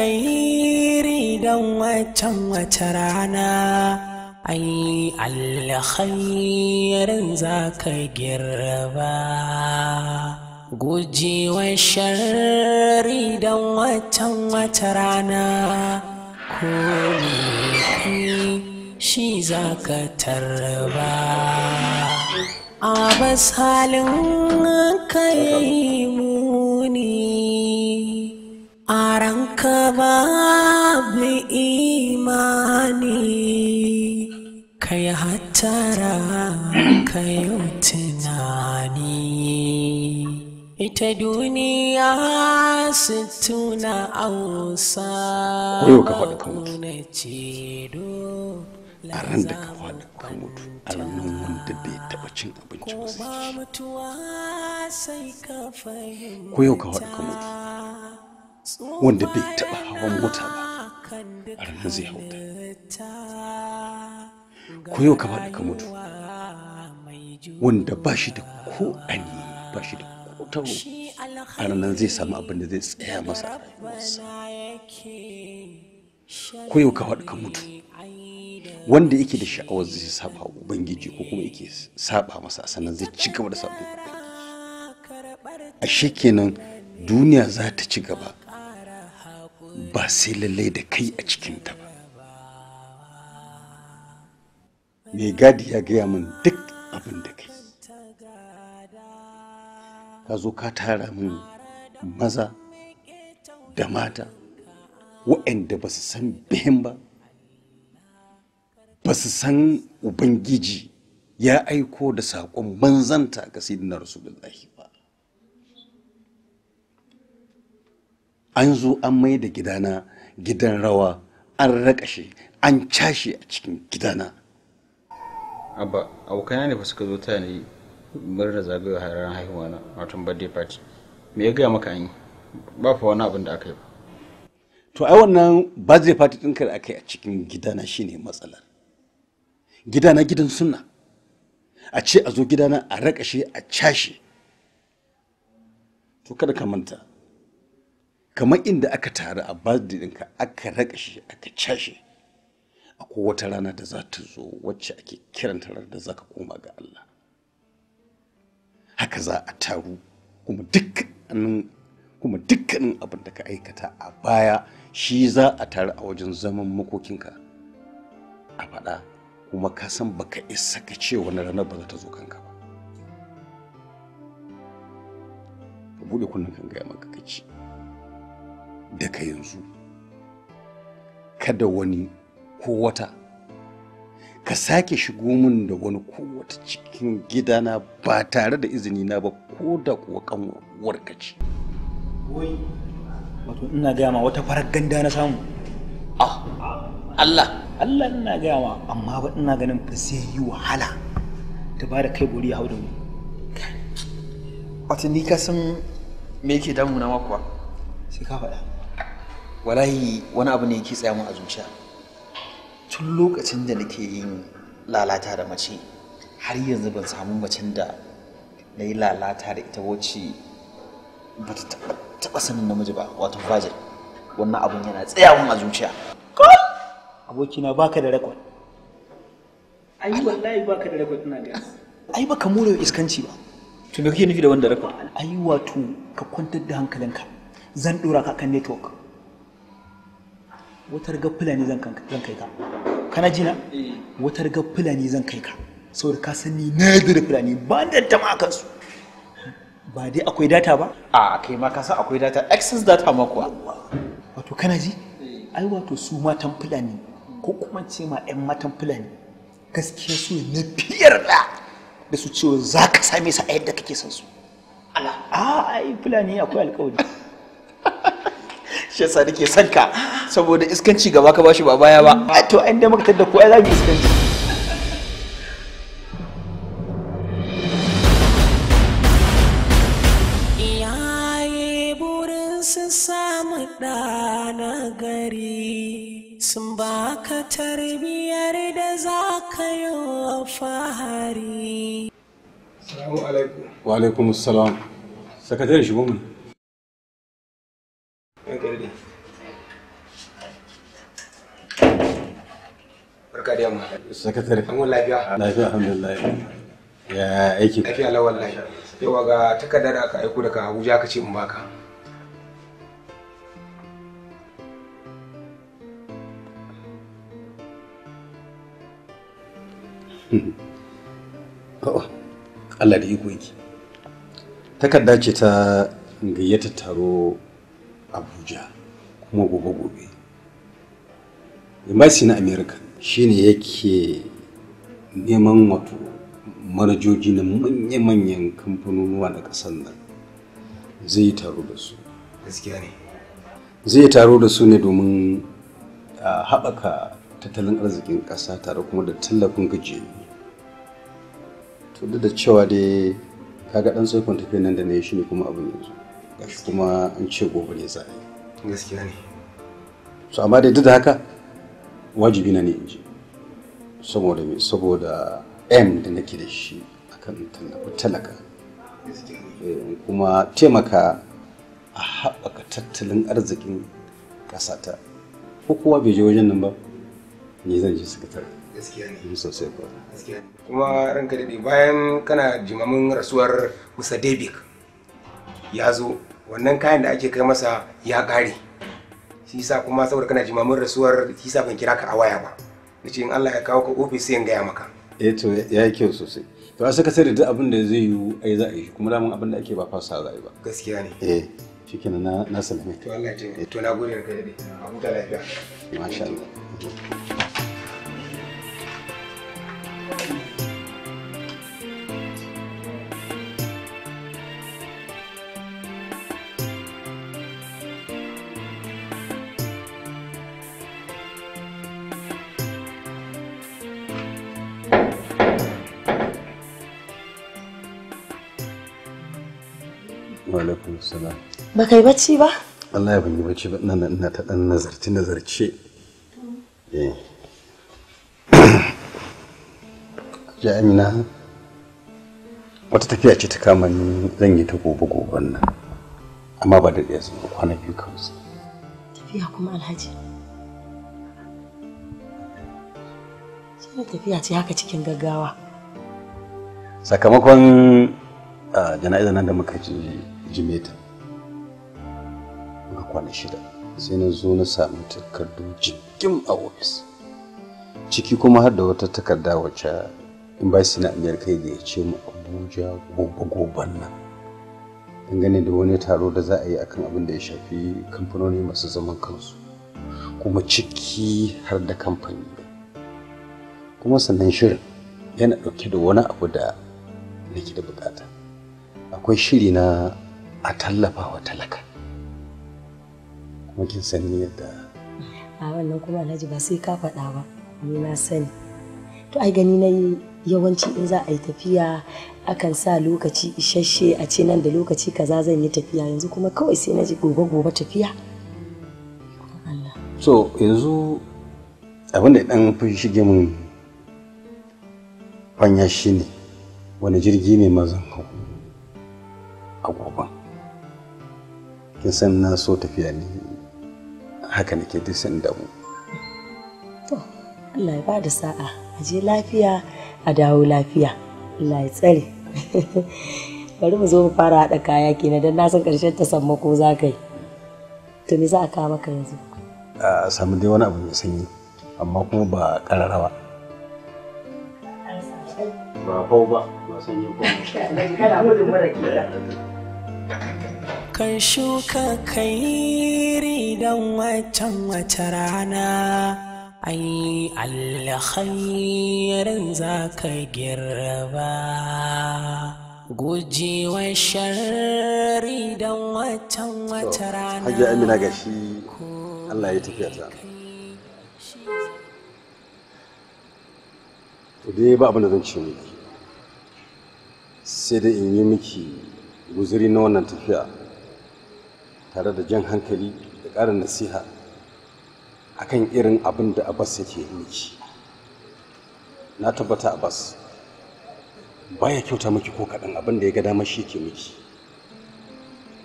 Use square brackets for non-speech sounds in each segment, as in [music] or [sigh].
alkhairi don wacan wace rana ai alkhairin za ka girba wa shari don wacan wata rana ko ne shi za ka tarba a basalin ka yi muni a ranka babu imani kai hatara kai tunani ita duniya su tuna ausa na cedo a ran da ka faɗi ka mutu a ranar wanda bai taɓa cin abinci ba sai ko yau ka faɗi ka mutu wanda bai taɓa hawan mota ba a ranar zai hauta ko yau ka faɗi ka mutu wanda ba shi da ko ani ba shi da ko tawo a ranar zai samu abin da zai tsaya masa a rayuwarsa ko yau ka faɗi ka mutu wanda yake da sha'awar zai saba ubangiji ko kuma yake saba masa sannan zai ci gaba da sabon ashe kenan duniya za ta ci gaba ba sai lallai da kai a cikinta ba mai gadi ya gaya min duk abin da kai ka zo ka tara min maza da mata wa'anda ba su san bihin ba ba su san ubangiji ya aiko da saƙon manzanta ga da rasulullahi an zo an mai da gidana gidan rawa an rakashe an cashe a cikin gidana abba abokan ne fa suka zo ta ne murna zagayowar ranar haihuwa na martin birthday party me ya gaya maka an yi ba fa wani abin da aka yi ba to ai wannan birthday party ɗinka da aka yi a cikin gidana shine matsalar gidana gidan sunna a ce a zo gidana a rakashe a cashe to kada ka manta kamar inda aka taru a birthday ɗinka aka raka shi aka cashe akwai wata rana da za ta zo wacce ake kiranta ranar da za ka koma ga Allah haka za a taru kuma dukkanin kuma abin da ka aikata a baya shi za a taru a wajen zaman makokinka a faɗa kuma ka san baka isa ka ce wani ranar ba za ta zo kanka ba ka buɗe kunnen kan gaya maka kaci daga yanzu kada wani ko wata ka sake shigo min da wani ko wata cikin gidana ba tare da izini na ba ko da kuwa kanwar ce. wato ina gaya ma wata farar ganda na samu. Ah, Allah. Allah ina gaya ma amma ba ina ganin fa sai yi wahala ta ba da kai bori hau da mu. Wato ni ka san me yake damuna ma kuwa? Sai ka faɗa. wallahi wani abu ne yake tsaya mun a zuciya tun lokacin da nake yin lalata da mace har yanzu ban samu macen da na yi lalata da ita wacce ba ta taɓa sanin namiji ba wato fajir wannan abun yana tsaya mun a zuciya abokina baka da rakon ai wallahi baka da rakon ina ga ai baka more iskanci ba to me kake nufi da wanda rakon ai wato ka kwantar da hankalinka zan dora ka kan network wutar ga fulani zan kai ka kana jina eh. wutar ga fulani zan kai ka saboda ka sani ni na da fulani ba da ta ma kansu ba dai akwai data ba a kai ma ka san akwai data access data ma kuwa wato kana ji eh. ai wato su matan fulani ko kuma ce ma ɗan matan fulani gaskiya su na fiyar da da su cewa za ka same su a yadda kake son su ala a ai fulani akwai alƙawari shi yasa nake son ka saboda iskanci gaba ka bashi ba baya ba a to an dai makatar da ko ai za mu burin su samu na gari sun baka tarbiyar da za ka yi wa fahari. Salamu alaikum. Wa alaikum salam. Sakatare shigo mana. barka sakatare an wani lafiya lafiya alhamdulillah ya aiki lafiya la wallahi yawa ga takardar aka aiko daga Abuja ka ce in baka oh, Allah da iko yake takarda ce ta gayyata taro Abuja kuma gobe gobe embassy na America shine yake neman wato manajoji na manya-manyan kamfanonuwa da ƙasar nan zai taro da su gaskiya ne zai taro da su ne domin a haɓaka tattalin arzikin ƙasa tare kuma da tallafin gaje to da cewa dai kaga ɗan tsohon tafiya nan da na yi shi ne kuma abin yanzu gashi kuma an ce gobe ne za a yi gaskiya ne so amma dai duk da haka wajibi na ne in ji saboda me saboda m da nake da shi akan tallafa talaka eh, kuma taimaka a haɓaka tattalin arzikin ta ko kowa bai je wajen nan ba ni zan je sakatar sosai ba. kuma ranka daɗe bayan kana jimamin rasuwar musa debik ya zo wannan kayan da ake kai masa ya ƙare shi yasa kuma saboda kana jimamin rasuwar shi yasa ban kira ka a waya ba ce in Allah ya kawo ka ofis sai in gaya maka eh to ya yi kyau sosai to a saka sai da abin da zai yi ai za a yi kuma da mun abin da ake ba fasa za a yi ba gaskiya ne eh shikenan na na salame to Allah ya to na gode da kai dai a huta lafiya masha Allah salam. Ba kai bacci ba? Allah ya bani bacci ba nan ina ta dan nazarci nazarce. Eh. Ja [coughs] Amina. Wata tafiya ce ta kama ni zan yi ta gobe gobe nan. Amma ba da ɗaya zuwa kwana biyu kawai. Tafiya kuma Alhaji. Shi tafiya ce haka cikin gaggawa. Sakamakon ah, jana'izar nan da muka ji jimeta na kwana shida sai na zo na samu takardu jikin a ofis ciki kuma har da wata takarda wacce embassy na da ya ce mu abuja gobe-goben nan dangane da wani taro da za a yi akan abin da ya shafi kamfanoni masu zaman kansu kuma ciki har da kamfani kuma sannan shirin yana dauke da wani abu da nake da bukata akwai shiri na a tallafa wa talaka kuma kin sani yadda a wannan kuma alhaji ba sai ka faɗa ba ni na sani to ai gani na yawanci in za a yi tafiya akan sa lokaci isasshe a ce nan da lokaci kaza zan yi tafiya yanzu kuma kawai sai na ji gobe gobe tafiya so yanzu abin da dan fi shige mun fanya shine wani jirgi ne mazan hau a goban kin san na so tafiya ne haka nake duk san damu to Allah ya bada sa'a a je lafiya a dawo lafiya Allah ya tsare [laughs] bari mu zo mu fara haɗa kaya kenan don na san ƙarshen ta samma ko za ka yi to me za a kawo maka yanzu a samu dai wani abu mai sanyi amma kuma ba ƙararrawa ba fau ba ba sanyi ko [laughs] kada gudun mara kila [laughs] kan shuka kairi don watan wata rana ai alkhairin za ka girba gujewa shari don watan wata rana hajji amina ga shi allah ya tafiya ta to dai ba abin da zan ce miki sai dai in yi miki guzuri na wannan tafiya tare da jan hankali da ƙarin nasiha a kan irin abin da abbas yake miki na tabbata abbas baya kyauta miki ko kaɗan abin da ya ga dama shi ke miki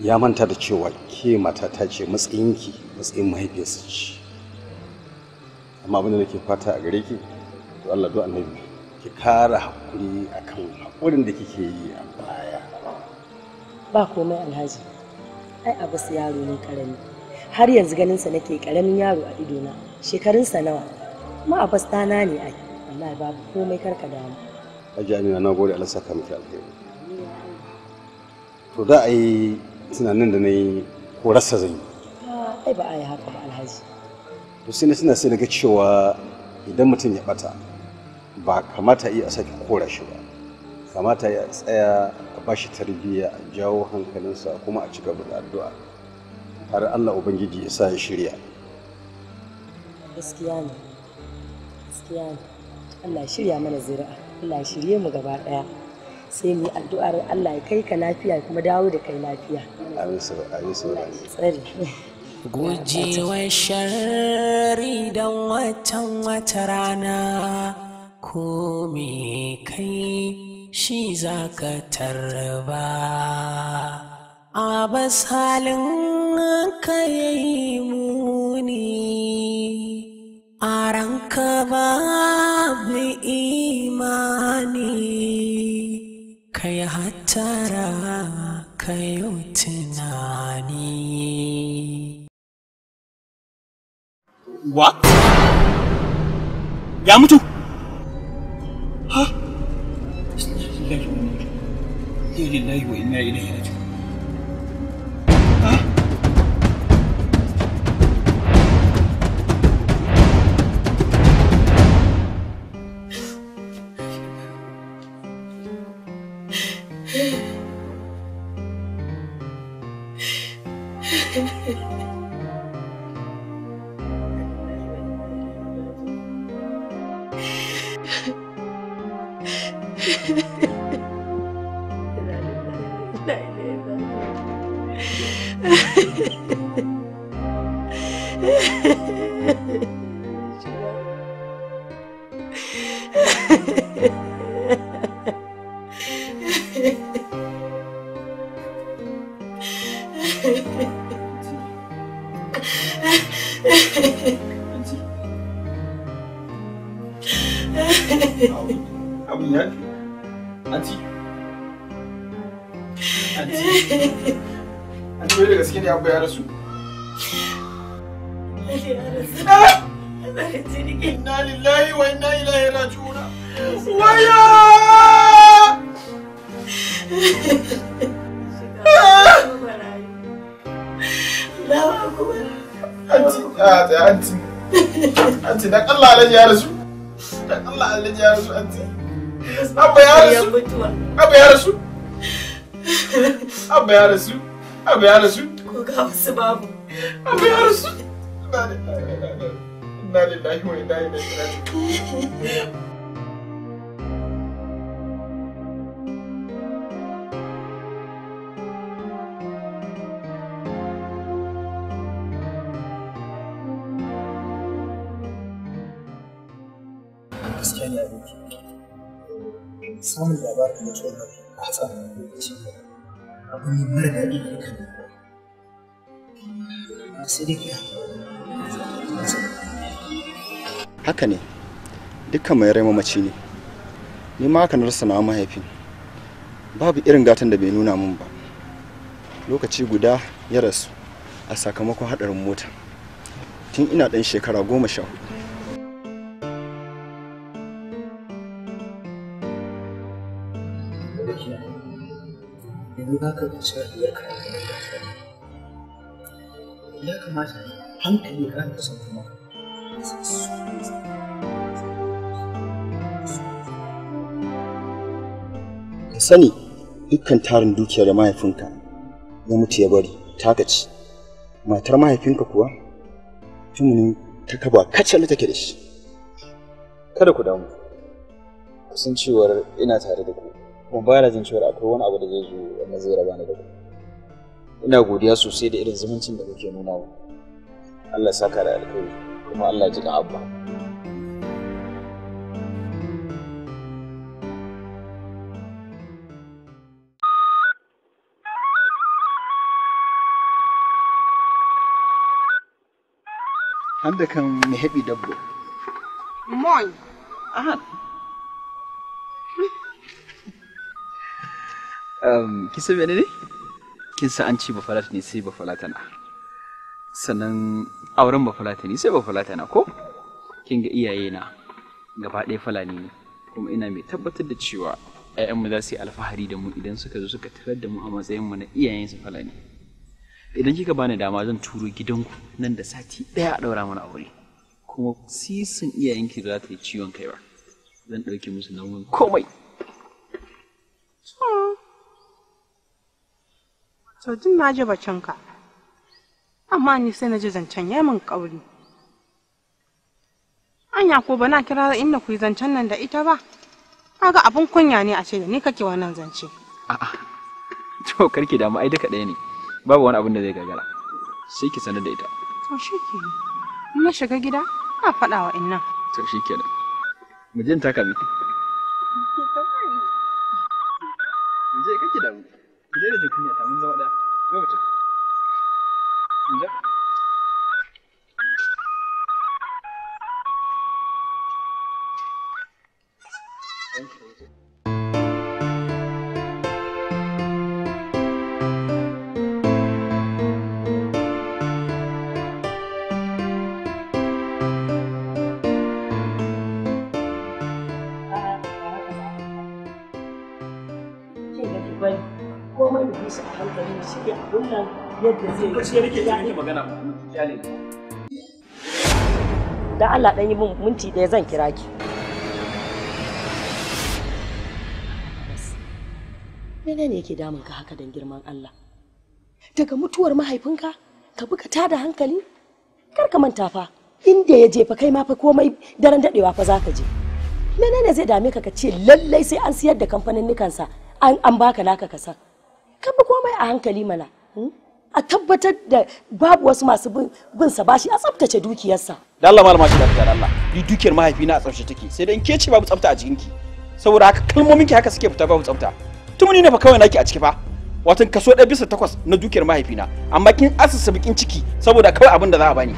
ya manta da cewa ke mata ta ce matsayinki matsayin mahaifiyarsa ce amma abin da nake fata a gare ki to Allah do annabi ki kara hakuri akan hakurin da kike yi a baya ba komai alhaji ai abbas yaro ne karami har yanzu ganinsa nake karamin yaro a idona shekarunsa nawa kuma abbas ɗana ne ai wallahi babu komai karka mu Hajiya Amina na gode Allah saka miki alheri. To da ai tunanin da na yi ko rasa zan yi. Ah, ai ba ai haka ba Alhaji. To sai na sai daga cewa idan mutum ya bata ba kamata yi a saki kora shi ba. Kamata ya tsaya ba shi tarbiyya a jawo hankalinsa kuma a cika da addu'a har Allah Ubangiji ya sa ya shirya. Gaskiya ne, gaskiya ne. Allah shirya mana zira'a Allah shirye mu gaba ɗaya. Sai mu yi addu'ar Allah ya kai ka lafiya kuma dawo da kai lafiya. Amin su amin Tsari. Gujewa sharri don watan wata rana ko me kai shi za ka tarba a basalin halin ka yi muni a ranka babu imani kai hatara kayo tunani What? Ya mutu? Huh? 这里来鬼妹的。ya su? abu ya rasu ko ga wasu babu abu ya rasu na lillahi wa inna ilaihi raji'un samun labarin mutuwar a hatsarin lokaci haka ne dukkan mai rai mamaci ne ni ma haka na rasa na mahaifi babu irin gatan da bai nuna min ba lokaci guda ya rasu a sakamakon haɗarin mota tun ina ɗan shekara goma sha baka kwanciyar iyaka ya kamata hankali ka da san kuma ka sani dukkan tarin dukiyar da mahaifinka ya mutu ya bari taka ce matar mahaifinka kuwa mutumin ta kaba kacal take da shi kada ku damu kasancewar ina tare da ku kuma ba na jin cewa akwai wani abu da zai zo wanda zai raba ni da ku ina godiya sosai da irin zumuncin da kuke nuna wa Allah saka da alƙawari kuma Allah ji dan abba Handa kan haɓi dabbo. Moi! Aha, kin san menene kin san an ci ba ne sai ba na sannan auren ba ne sai ba na ko kin ga iyaye na gaba ɗaya falani ne kuma ina mai tabbatar da cewa mu za su yi alfahari da mu idan suka zo suka tarar da mu a matsayin mu na iyayensu falani idan kika bani dama zan turo gidanku nan da sati ɗaya a ɗaura mana aure kuma sisin iyayenki za ta yi ciwon kai ba zan ɗauke musu nauyin komai sau din na ji bacinka amma ni sai na ji zancen ya min ƙauri anya ko ba na kira inda ku yi zancen nan da ita ba kaga abin kunya ne a ce da ni kake wannan zance a'a to karki damu ai duka ɗaya ne babu wani abin da zai gagara sai ki sanar da ita to shikenan na shiga gida na faɗa wa innan to shikenan mu jin taka mu je kake damu Ku je da je kunya ta mun zama ɗaya. shirya abun da Allah dan yi min minti ɗaya zan kira ki Mene ne yake damun ka haka dan girman Allah? Daga mutuwar mahaifinka, ka buka ta da hankali? Kar ka manta fa, inda ya jefa kai ma fa komai daren dadewa fa za ka je. Mene ne zai dame ka ka ce lallai sai an siyar da kamfanin nikansa an baka naka ka san. kan komai a hankali mana hmm? a tabbatar da babu wasu masu bin sa bashi a tsaftace dukiyarsa da Allah malama shi da Allah ni dukiyar mahaifina a tsaftace take sai dan ke ce babu tsafta a jikinki saboda haka kalmomin ki haka suke fita babu tsafta ni ne fa kawai naki a ciki fa watan kaso ɗaya bisa takwas na dukiyar mahaifina amma kin asasa bikin ciki saboda kawai abin da za a bani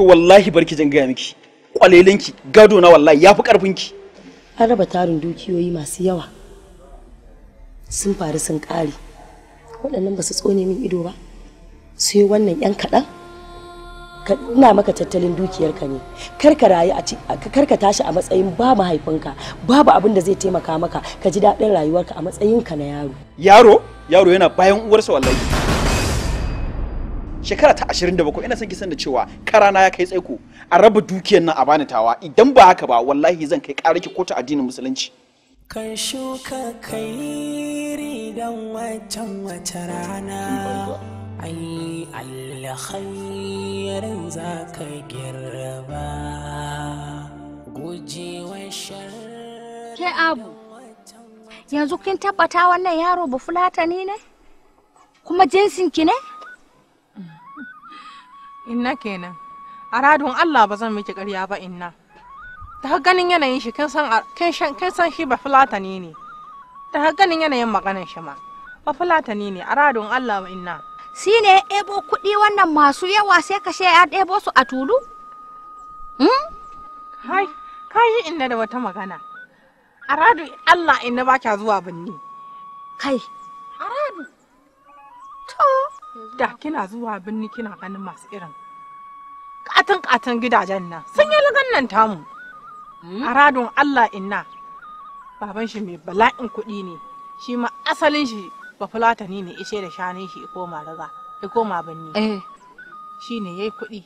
to wallahi barki zan gaya miki kwalelinki gado na wallahi yafi karfinki an raba tarin dukiyoyi masu yawa sun faru sun ƙare waɗannan ba su tsone min ido ba sai wannan yan kaɗan ina maka tattalin dukiyarka ne karka rayu a karka tashi a matsayin ba mahaifinka babu abin da zai taimaka maka ka ji daɗin rayuwarka a matsayinka na yaro yaro yaro yana bayan uwarsa wallahi shekara ta 27 ina son ki da cewa karana ya kai tsaiko a raba dukiyar nan a bani tawa idan ba haka ba wallahi zan kai ki kotu addinin musulunci kan shuka kairi don waccan wata rana ai alkhairin za ka girba gujewa sharri ke abu yanzu kin tabbata wannan yaro ba fulatani ne kuma jinsin ki ne inna kenan a radon allah ba zan miki ƙarya ba inna ha ganin yanayin shi kin san shi ba fulatani ne ha ganin yanayin maganin shi ma ba fulatani ne a radon Allah wa inna shi ne ya ɗebo kuɗi wannan masu yawa sai ka ya ɗebo su a tulu hai hmm? ka yi inda da wata magana a radon Allah inna ba kya zuwa binni kai a radon to da kina zuwa binni kina ganin masu irin katon katon gidajen nan sun yi lagan nan tamu haradun hmm? Allah inna baban shi mai bala'in kuɗi ne shi ma asalin shi ba fulatani ne ishe da shanin shi koma raga ya koma banni eh. shi ne yayi kuɗi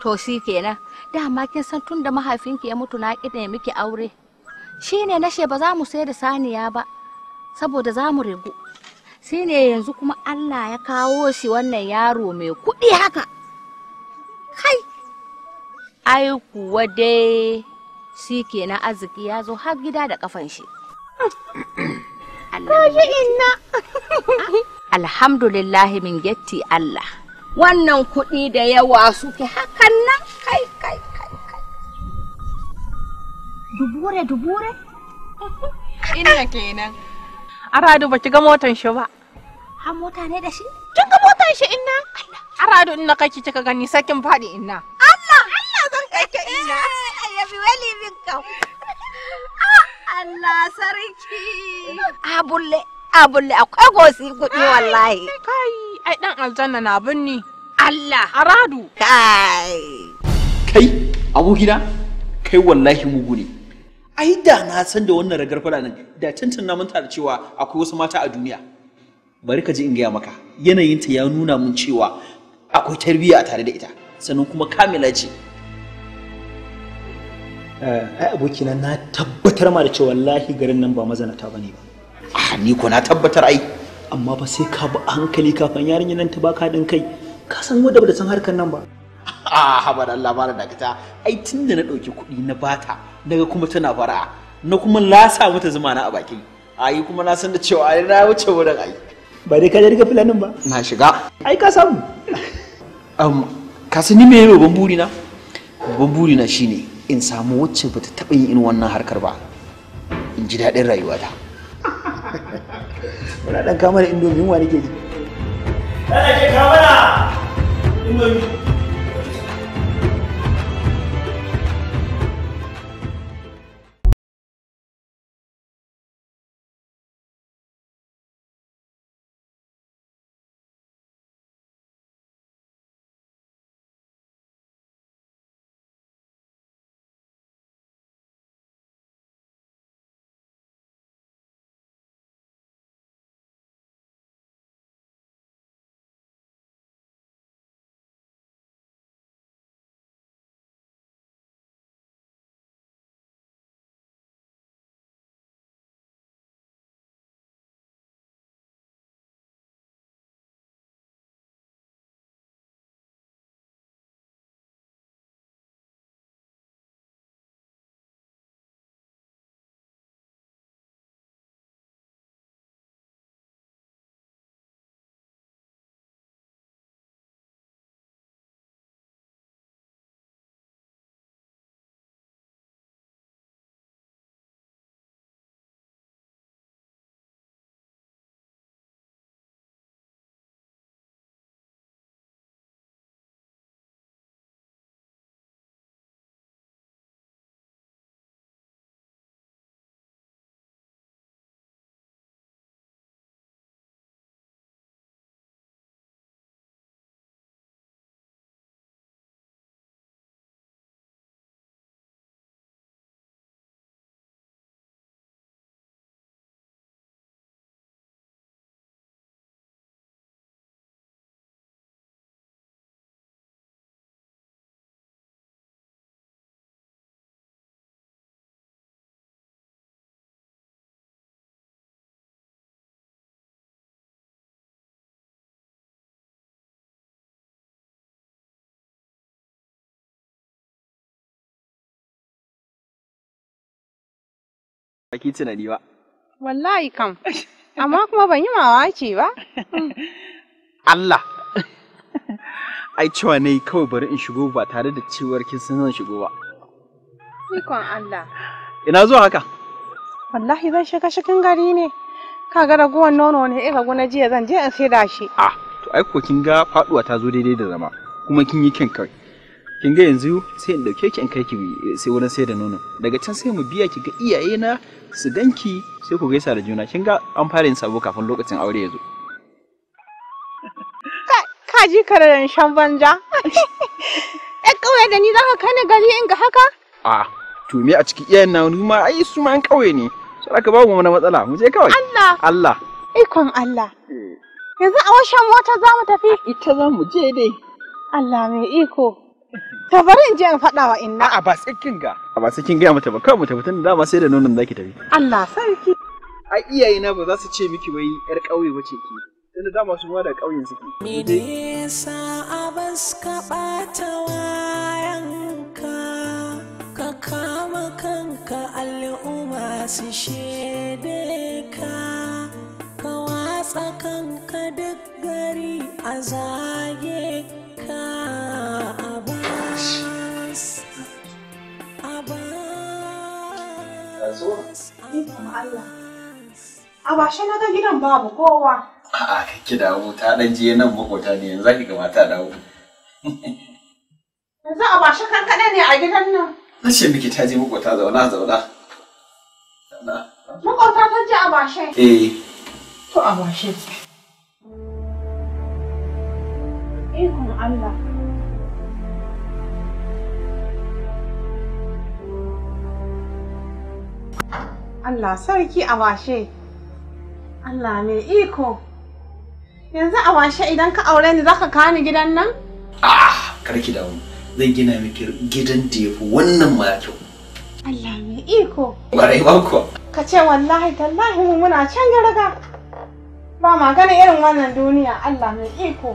to shi kenan dama kin san tun da mahaifinki ya mutu na ƙi ne miki aure shi ne na ba za mu sai da saniya ba saboda za mu rigu shi ne yanzu kuma Allah ya kawo shi wannan yaro mai kuɗi haka kai ai kuwa dai shi kenan arziki ya zo har gida da kafan shi alhamdulillahi min getti Allah wannan kuɗi da yawa suke hakan nan kai kai kai kai dubure dubure Ina kenan aradu ki ga motan shi ba ha mota ne da shi kin ga motan shi inna aradu inna ki kika gani sakin faɗi inna kyau. Allah sarki. Abulle, abulle akwai gosi kuɗi wallahi. Kai, ai ɗan aljanna na ni. Allah. Aradu. Kai. Kai, gida kai wallahi mugu ne. Ai da na san da wannan ragar fada nan, da tantan na da cewa akwai wasu mata a duniya. Bari ka ji in gaya maka, yanayinta ya nuna mun cewa akwai tarbiyya tare da ita, sannan kuma kamila ce. Eh, ai abokina na tabbatar ma da cewa wallahi garin nan ba mazanata bane ba ah ni ko na tabbatar ai amma ba sai ka ba hankali kafin yarinya nan ta baka din kai ka san wanda da san harkar nan ba ah da Allah bala da kita ai tunda na dauki kuɗi na bata daga kuma tana bara. na kuma lasa mata zuma na a baki ai kuma na san da cewa ai na wuce wurin ai ba dai ka da riga filanin ba na shiga ai ka samu um ka sani me yayi babban burina babban burina shine in samu wacce ba ta taɓa yin wannan harkar ba in ji daɗin rayuwata [laughs] muna ɗan kamar indomin wa nake ji ɗan ake kamara indomin baki tunani ba. Wallahi kam, amma kuma ban yi mawaki ba. Hmm. Allah! Ai cewa ne kawai bari in shigo ba tare da cewar kin san zan shigo ba. Ikon Allah. Ina zuwa haka? Wallahi zan shiga cikin gari ne. Ka ga ragowar nono ne ina eh, guna jiya zan je in da shi. Ah, to ai kin ga faduwa ta zo daidai da zama kuma kin yi kyan kai. kin ga yanzu sai in dauke ki in kai ki eh, sai wurin sai da nono daga can sai mu biya ki ga iyaye na su ganki sai ku gaisa da juna kin ga an fara yin sabo kafin lokacin aure ya zo ka ji da shan banja ɗan ƙauye da ni za ka kani gari in ga haka a to me a ciki iyayen na ma ai su ma an ƙauye ne sai aka babu wani matsala mu je kawai Allah Allah ikon Allah eh. yanzu a washan mota za mu tafi ita za mu je dai Allah mai iko To bari in je in faɗa wa inna. A'a ba tsakin ga. A ba tsakin gaya mata ba kawai mu tafi tun dama sai da nonon zaki tafi. Allah sarki. Ai iyaye na ba za su ce miki wai yar ƙauye wace ki. Tunda dama su ma da ƙauyen suke. Me nisa abas ka ɓata wayanka ka kama kanka al'umma su shaide ka ka watsa kanka duk gari a zage ka a A bashe na ga gidan babu kowa. A'a kake dawo ta ɗan je nan makota ne yanzu zaki kamata dawo. [laughs] Yanzu a bashe kankana ne a gidan nan. Na ce miki ta je makota zauna zauna. Makota ta je a bashe? Eh. To a bashe. Ikon Allah. Allah sarki a washe. Allah mai iko. Yanzu a washe idan ka aure ni zaka kawo ni gidan nan? Ah, karki dawo. Zan gina miki gidan da yafi wannan ma kyau. Allah mai iko. Barai ba kuwa. Ka ce wallahi tallahi mu muna can garaga Ba magana irin wannan duniya Allah mai iko.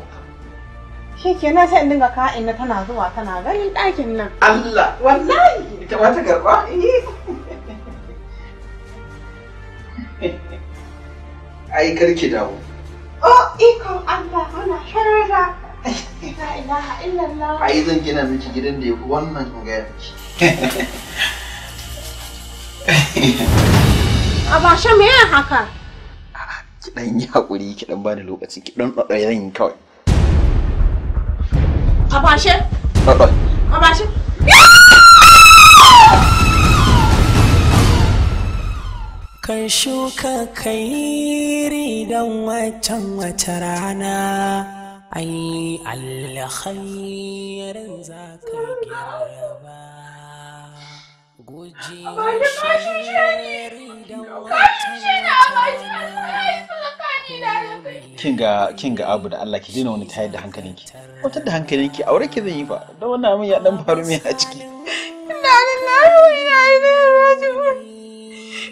Shi na sai in dinga ka ina tana zuwa tana ganin ɗakin nan. Allah! Wallahi! Ita ba ta garba? Eh. [laughs] ai kar ki dawo oh ikon Allah ana sharara la ilaha illallah ai zan gina miki gidan da yafi wannan kun gaya miki a [laughs] ba me haka ki dan yi hakuri ki dan bani lokaci ki dan dada yayin kawai a ba shan kan shuka kairi don waccan wata rana ai alkhairin za ka girba guji kinga kinga abu da Allah ki daina wani tayar da hankalinki wata da hankalinki aure ki zan yi fa da wannan amin ya dan faru mai a ciki ina lillahi wa ina ilaihi raji'un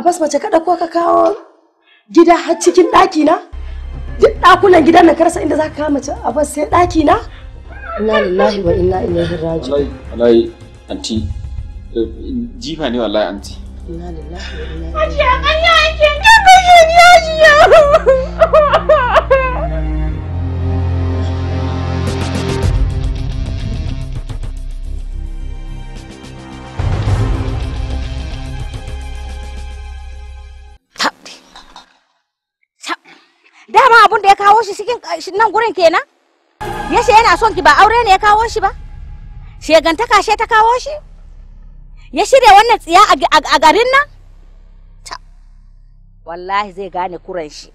Abbas mace ka ɗauko ka kawo gida har cikin ɗaki na? Duk ɗakunan gidan nan karsa inda za ka kawo mace Abbas sai ɗaki na? Inna lillahi wa inna ilaihi raji'un. Wallahi wallahi anti eh, jifa ne wallahi anti. Inna lillahi wa inna ilaihi raji'un. Ajiya kanya ake ta kashe ni ajiya. dama abun da ya kawo shi cikin eh, nan gurin kenan ya ce yana son ki ba aure ne ya kawo shi ba shegantaka she ta kawo shi ya shirya wannan tsiya a garin nan wallahi zai gane kuran shi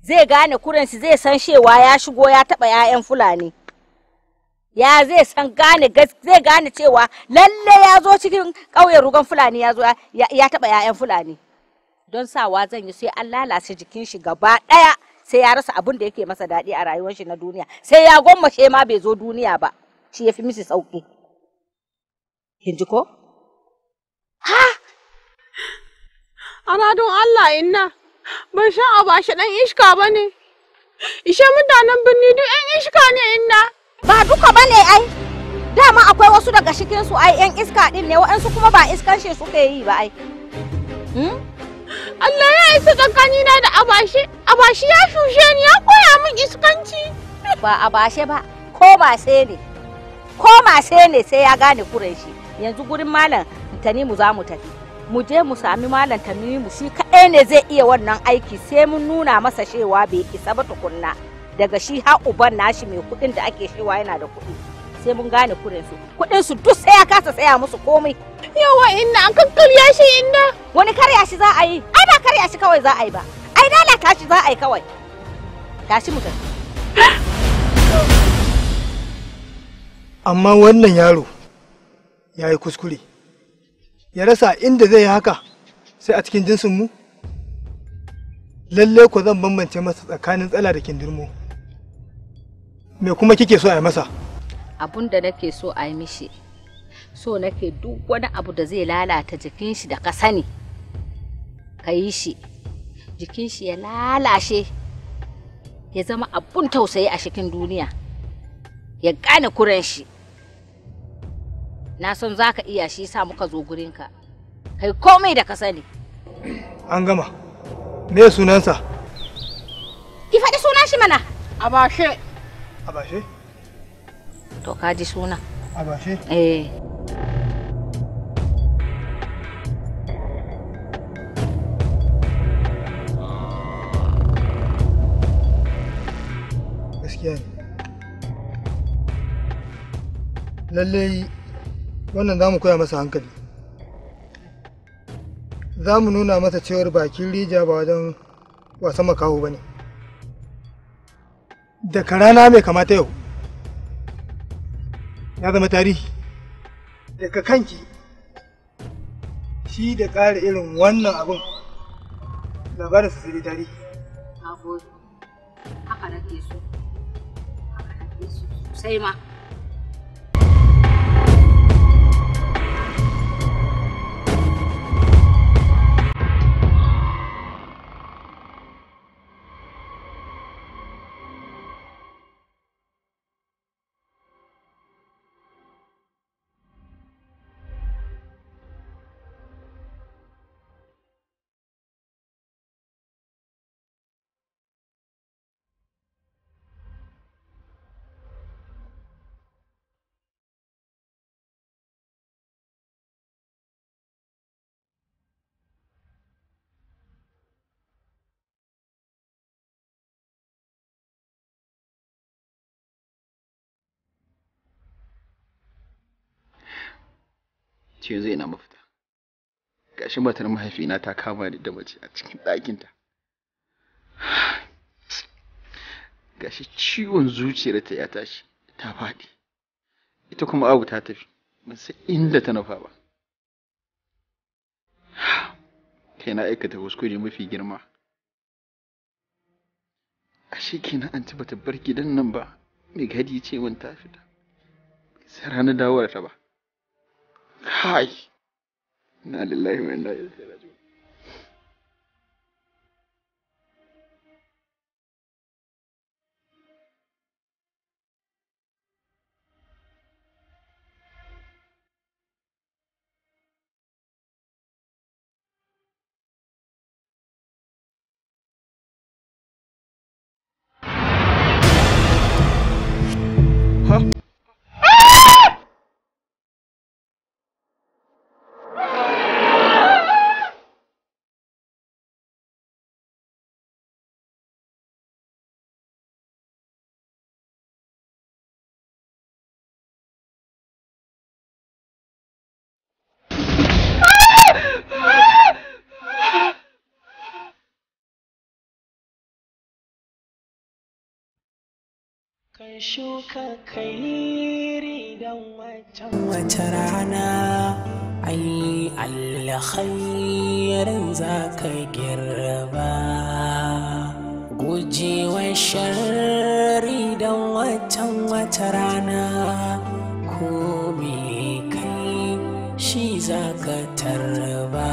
zai gane kuran shi zai san shewa ya shigo ya taba 'ya'yan fulani ya zai san gane zai gane cewa lalle ya zo cikin ƙauyen rugan fulani ya zo ya taba 'ya'yan fulani don sawa zan yi sai an lalace jikin shi gaba ɗaya sai ya rasa abin da yake masa daɗi a rayuwar shi na duniya sai ya gwammace ma bai zo duniya ba shi ya fi misi sauƙi kin ko ha ana don Allah inna ban sha a shi dan iska bane ishe mutanen birni duk yan iska ne inna ba duka bane ai dama akwai wasu daga cikin su ai yan iska din ne waɗansu kuma ba iskan shi suke yi ba ai hmm? Allah ya isa tsakanina da abashi, abashi ya shushe ni ya koya min iskanci. Ba abashe ba, ko ba sai ne, ko ba sai ne sai ya gane kuren shi. Yanzu gurin malam Tanimu za mu tafi. Mu je mu sami malam Tanimu shi kaɗai ne zai iya wannan aiki sai mun nuna masa cewa bai isa ba tukunna. Daga shi har uban nashi mai kuɗin da ake shewa yana da kuɗi. sai mun gane kuɗin su kudin su duk sai ya kasa tsaya musu komai yawa inna an kakkarya shi inna wani karya shi za a yi ai ba karya shi kawai za a yi ba ai lalata shi za a yi kawai tashi mu amma wannan yaro ya yi kuskure ya rasa inda zai yi haka sai a cikin jinsin mu lalle ku zan bambance masa tsakanin tsala da kindirmo me kuma kike so a yi masa abun da nake so a yi mishi so nake duk wani abu da zai lalata jikin shi da ka sani ka yi shi jikin shi ya lalashe ya zama abun tausayi a cikin duniya ya gane kuren shi na san za ka iya shi sa muka zo gurinka kai komai da ka sani an gama me sunansa ki faɗi sunan shi mana abashe abashe to ka ji suna a shi? eh gaskiya ne lallai wannan za mu koya masa hankali za mu nuna masa cewar bakin rija ba wajen wasan makaho ba ne da karana mai kamata yau ya zama tarihi daga kanki shi da ƙara irin wannan abin labarin su zai tarihi na haka nake so haka nake so sai ma ce zai na mafita gashi matar mahaifina ta kama ni da mace a cikin ɗakinta gashi ciwon zuciyarta ya tashi ta faɗi ita kuma abu ta tafi ban san inda ta nufa ba kai na aikata kuskure mafi girma ashe kenan an ci bata bar gidan nan ba mai gadi ce wani ta fita sai ranar dawowar ta ba kai na lillahi wa inna Ka shuka kairi don wacan wata rana, ai alkhairin za ka girba. Gujewa shari don wacan wata rana, ko me kai shi za ka tarba.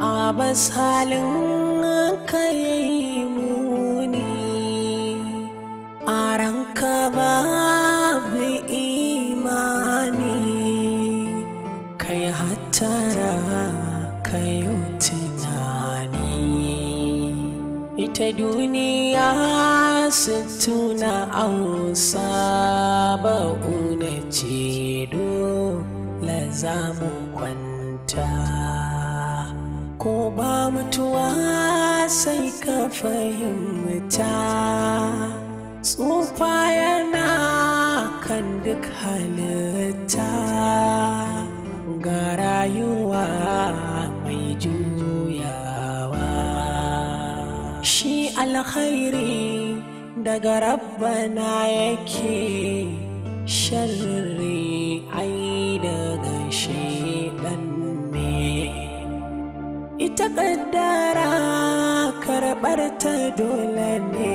A basalin ka ta duniya tuna an una ce dole za mu kwanta ko ba mutuwa sai ka fahimta tsufa yana kan duk halitta ga rayuwa khairi daga rabbana yake sharri ai daga shaidan ne ita kaddara karɓar ta dole ne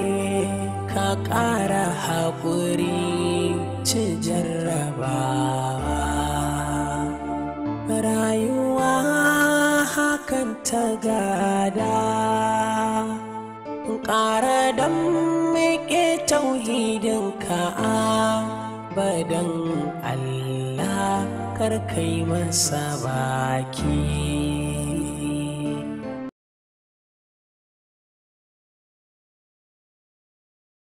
ka ƙara haƙuri ci jarraba rayuwa hakan ta gada ƙara don meke tauhidinka badan Allah kar karkai masa baki.